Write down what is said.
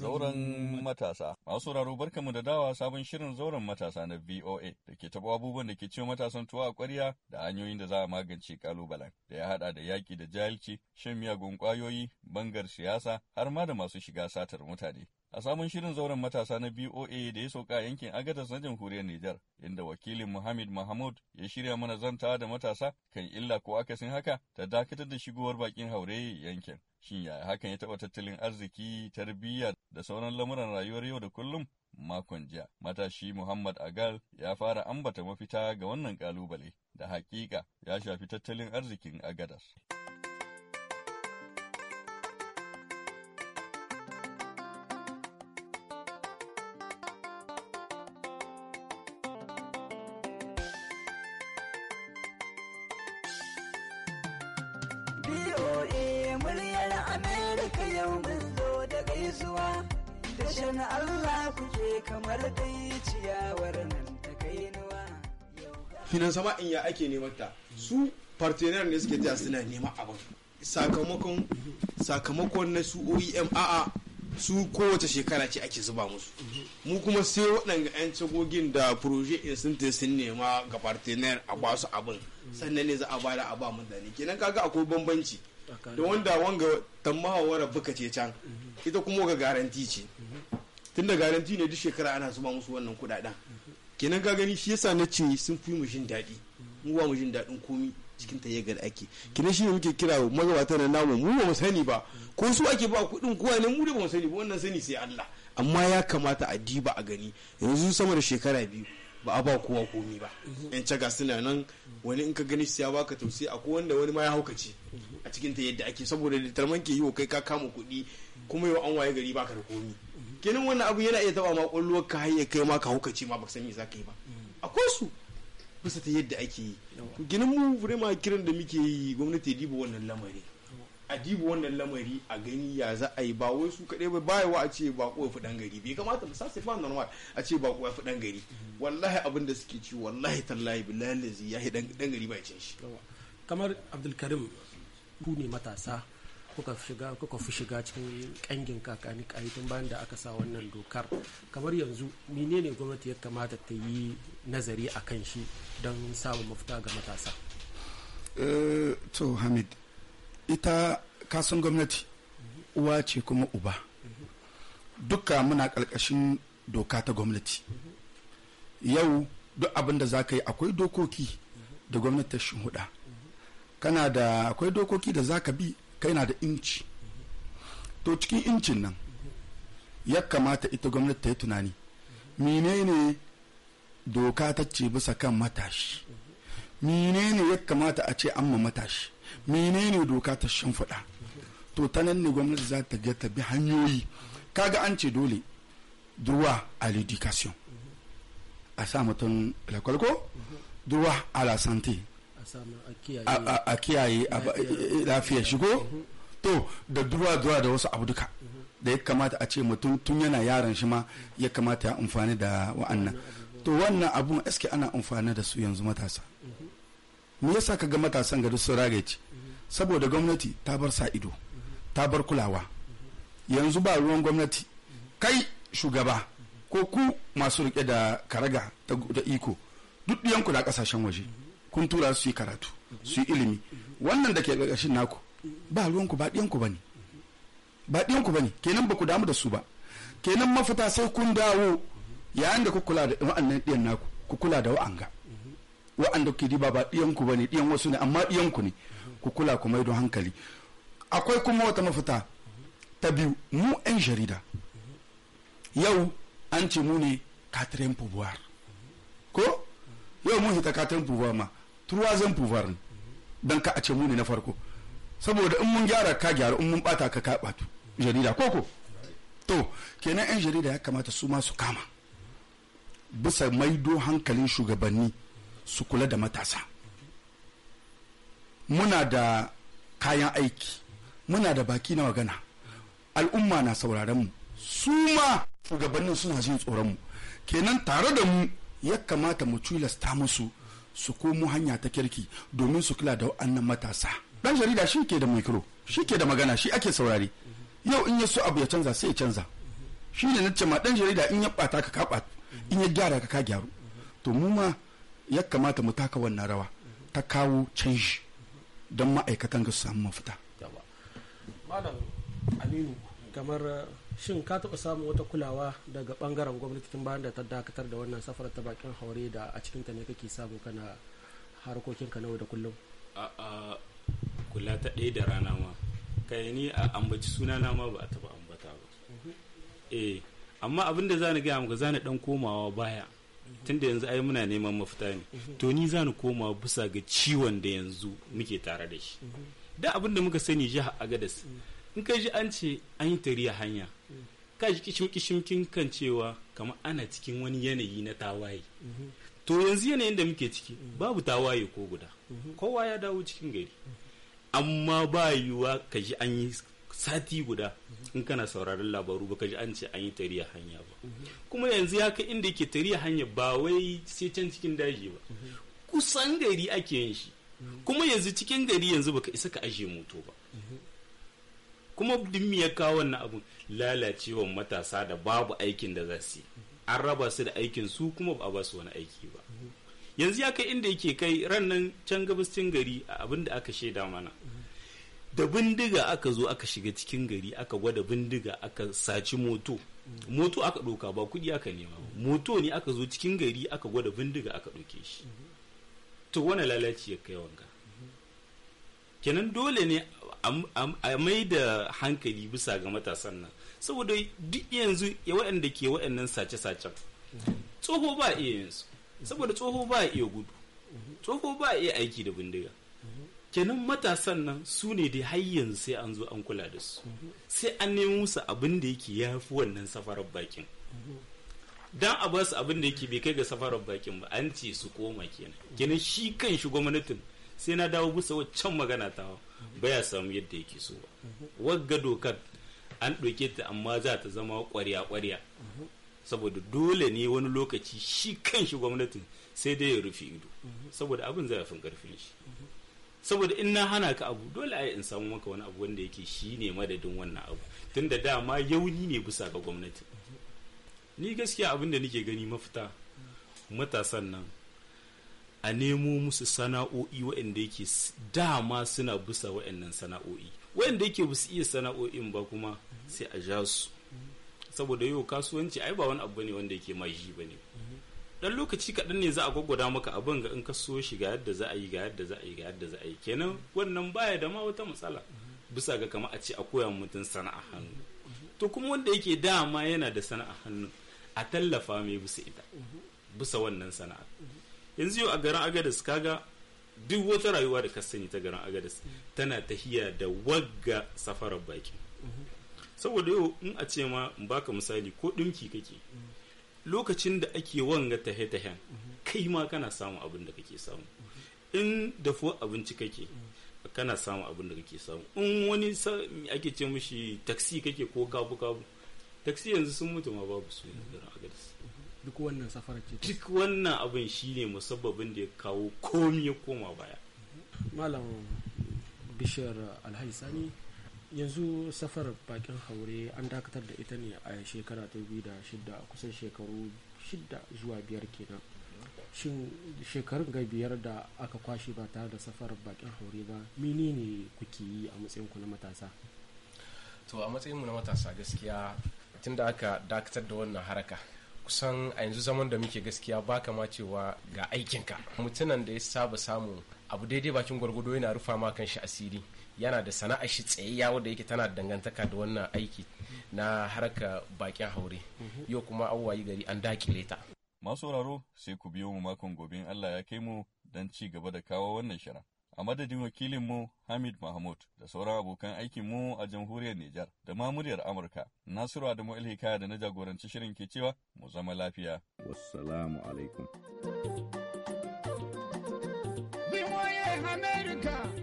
zauren matasa. Masu sauraro barkamu da dawa sabon shirin zauren matasa na VOA da ke taɓa abubuwan da ke ce matasan tuwa a ƙwarya da hanyoyin da za a magance kalubalen da ya haɗa da yaƙi da jahilci, shan miyagun ƙwayoyi, bangar siyasa har ma da masu shiga satar mutane. a sabon shirin zauren matasa na BOA da ya sauka a yankin Agadas na jamhuriyar Nijar, inda wakilin Muhammad Mahmud ya shirya mana zanta da matasa kan illa ko akasin haka ta dakatar da shigowar bakin haure yankin. Shin yaya hakan ya taɓa tattalin arziki, tarbiyya da sauran lamuran rayuwar yau da kullum? Makon jiya, matashi Muhammad Agal ya fara ambata mafita ga wannan ƙalubale da hakika ya shafi tattalin arzikin Agadas. yau da gaisuwa da kamar dai ciyawar nan ta kai nuwa. Finan sama in ya ake neman ta su partenaire ne suke jiya suna neman abin sakamakon sakamakon na su OEM a'a su kowace shekara ce ake zuba musu mu kuma sai waɗanda 'yan cagogin da proje in sun te sun nema ga partenaire a basu abin sannan ne za a bada a ba mutane kenan kaga akwai bambanci da wanda wanga tammawa mahawara buka ce can ita kuma ga garanti ce tunda garanti ne duk shekara ana zuba musu wannan kudaden kenan ka gani shi yasa na ce sun fi mu jin daɗi mu ba mu jin daɗin komi cikin ta yagar ake kenan shi ne muke kira magabata na namu mu ba mu sani ba ko su ake ba kuɗin kowa ne mu da ba mu sani ba wannan sani sai Allah amma ya kamata a diba a gani yanzu sama da shekara biyu ba a ba kowa komi ba mhm. yan caga suna nan wani in ka gani su ya baka tausayi ko wanda wani ma ya haukace mhm. a cikin ta yadda ake saboda litarman ke yi wa kai ka kama kuɗi kuma yau an waye gari baka da komi mhm. kenan wannan abu yana iya taba ma kwallo ka har kai ma ka haukace ma baka san me zaka yi ba akwai su bisa ta yadda ake yi ginin mu vraiment kiran da muke yi gwamnati diba wannan lamari a diba wannan lamari a gani ya za a yi ba wai su kaɗai ba bayawa a ce ba ya fi ɗan gari bai kamata ba sasa fa normal a ce ba ya fi ɗan gari wallahi abin da suke ci wallahi tallahi billahi lazi ya yi ɗan gari ba cin shi kamar abdulkarim ku ne matasa kuka shiga kuka fi shiga cikin kangin kakani tun bayan da aka sa wannan dokar kamar yanzu menene gwamnati ya kamata ta yi nazari a kan shi don samun mafita ga matasa eh, to hamid ita kasan gwamnati uwa ce kuma uba duka muna ƙarƙashin doka ta gwamnati yau duk abin da za ka yi akwai dokoki da gwamnati ta shuhuda kana da akwai dokoki da za ka bi kai na da inci to cikin incin nan ya kamata ita gwamnati ta yi tunani menene doka ta ce bisa kan matashi menene ya kamata a ce an ma matashi menene doka ta shimfiɗa to ta nan ne gwamnati za ta ga ta bi hanyoyi kaga an ce dole droit à l'éducation a sa mutum lakwalko droit à la santé a kiyaye lafiya shigo to da droit droit da wasu abu duka da ya kamata a ce mutum tun yana yaran shi ma ya kamata ya amfani da wa'annan to wannan abun eske ana amfani da su yanzu matasa me yasa ka ga matasan gari sun ragace saboda gwamnati ta bar sa ido ta bar kulawa yanzu ba ruwan gwamnati kai shugaba ko ku masu rike da karaga ta iko duk ɗiyanku da ƙasashen waje kun tura su yi karatu su yi ilimi wannan da ke ƙarƙashin naku ba ruwanku ba ɗiyanku ba ne ba ɗiyanku ba ne kenan ba ku damu da su ba kenan mafita sai kun dawo yayin da ku kula da wa'annan ɗiyan naku ku kula da wa'anga wa'anda ke diba ba ɗiyanku ba ne ɗiyan wasu ne amma ɗiyanku ne ku kula ku maido hankali akwai kuma wata mafita ta biyu mu 'yan jarida yau an ce mu ne katirin pouvoir ko yau mun hita katirin pouvoir ma turwazin pouvoir ne don ka a ce mu ne na farko saboda in mun gyara ka gyara in mun bata ka ka batu jarida ko to kenan 'yan jarida ya kamata su ma su kama bisa maido hankalin shugabanni su kula da matasa muna da kayan aiki muna da baki na magana al'umma na sauraron mu su ma shugabannin suna jin tsoron mu kenan tare da mu ya kamata mu tilasta musu su komo hanya ta kirki domin su kula da wa'annan matasa dan jarida shi ke da mikro shi ke da magana shi ake saurari yau in ya so abu ya canza sai ya canza shi ne na ma ɗan jarida in ya bata ka ka in ya gyara ka ka gyaru to mu ma ya kamata mu taka wannan rawa ta kawo canji don ma'aikatan ga su samu mafita malam aminu kamar shin ka taɓa samun wata kulawa daga ɓangaren gwamnatin bayan da ta dakatar da wannan safarar ta bakin haure da a cikin ta ne kake samu kana harkokinka na da kullum a'a kula ta ɗaya da rana ma kai ni a ambaci suna na ma ba a taɓa ambata ba mhm. eh amma abin da za ni gaya maka za ni ɗan komawa baya tunda yanzu ai muna neman mafita ne to ni za ni koma bisa ga ciwon da yanzu muke tare da shi da abin da muka sani jihar agadas in ka ji an ce an yi a hanya ka ji kishim kishim kan cewa kamar ana cikin wani yanayi na tawaye to yanzu yanayin da muke ciki babu tawaye ko guda kowa ya dawo cikin gari amma ba yiwuwa ka ji an yi sati guda in kana sauraron labaru baka ji an ce an yi tariya hanya ba kuma yanzu ya kai inda yake tariya hanya ba wai sai can cikin daji ba kusan gari ake yin shi kuma yanzu cikin gari yanzu baka isa ka ajiye moto ba kuma duk ya kawo wannan abun lalacewa matasa da babu aikin da za su yi an raba su da aikin su kuma ba a ba su wani aiki ba yanzu ya kai inda yake kai ran nan can cin gari abin da aka shaida mana da bindiga aka zo aka shiga cikin gari aka gwada bindiga aka saci moto moto aka ɗauka ba kuɗi aka nema moto ne aka zo cikin gari aka gwada bindiga aka ɗauke shi to wani lalaci ya kai wanga kenan dole ne a mai da hankali bisa ga matasan nan saboda duk yanzu ya waɗanda ke waɗannan sace-sacen tsoho ba iya yanzu saboda tsoho ba iya gudu tsoho ba iya aiki da bindiga kenan matasan nan su ne da hayyan sai an zo an kula da su sai an nemi musu abin da yake ya fi wannan safarar bakin dan a basu abin da yake bai kai ga safarar bakin ba an ce su koma kenan kenan shi kan shi gwamnatin sai na dawo bisa waccan magana ta ba ya samu yadda yake so ba wagga dokar an ɗauke ta amma za ta zama ƙwarya ƙwarya saboda dole ne wani lokaci shi kan shi gwamnatin sai dai ya rufe ido saboda abin zai fin ƙarfin shi saboda in na hana ka abu dole ayi in samu maka wani abu wanda yake shi ne madadin wannan abu tunda dama yauni ne bisa ga gwamnati ni gaskiya abin da nake gani mafita matasan nan a nemo musu sana'o'i waɗanda yake dama suna bisa waɗannan sana'o'i waɗanda yake ba su iya sana'o'in ba kuma sai a ja su saboda yau kasuwanci ai ba wani abu ne wanda yake maji ba ne dan lokaci kaɗan ne za a gwaggwada maka abin ga in ka so shi ga yadda za a yi ga yadda za a yi ga yadda za a yi kenan wannan baya da ma wata matsala bisa ga kama a ce a koya mutum sana'a hannu to kuma wanda yake dama yana da sana'a hannu a tallafa mai bisa ita bisa wannan sana'a yanzu yau a garin agadas kaga duk wata rayuwa da ka sani ta garin agadas tana tahiya da wagga safarar baki saboda yau in a ce ma in baka misali ko dinki kake lokacin da ake wanga tahe-tahen kai ma kana samun abin da kake samu in dafuwar abinci kake kana samun abin da kake samu in wani ake ce mishi taksi kake ko kabu-kabu taksi yanzu sun mutu ma babu su yanzu a gadis duk wannan safarar ce duk wannan abin shine musabbabin da ya kawo komi ya koma baya malam bishiyar alhaji sani yanzu safar bakin haure an dakatar da ita ne a shekara ta biyu da shida kusan shekaru shida zuwa biyar kenan shin shekarun ga biyar da aka kwashe ba tare da safar bakin haure ba ne kuke yi a matsayin ku na matasa to a matsayin mu na matasa gaskiya tun da aka dakatar da wannan haraka kusan a yanzu zaman da muke gaskiya ba kama cewa ga aikinka mutunan da ya saba samun abu daidai bakin gwargwado yana rufa ma kan shi asiri yana da sana'a shi tsayayya wanda yake tana dangantaka da wannan aiki na harka bakin haure mhm. yau kuma awayi gari an dakile ta masu sauraro sai ku biyo mu makon gobe Allah ya kai mu don ci gaba da kawo wannan shirin a madadin wakilin mu Hamid Mahmud da sauran abokan aikin mu a jamhuriyar Nijar da ma Amurka. Nasiru Adamu Ilhika da na jagoranci shirin ke cewa mu zama lafiya. Wassalamu alaikum. America.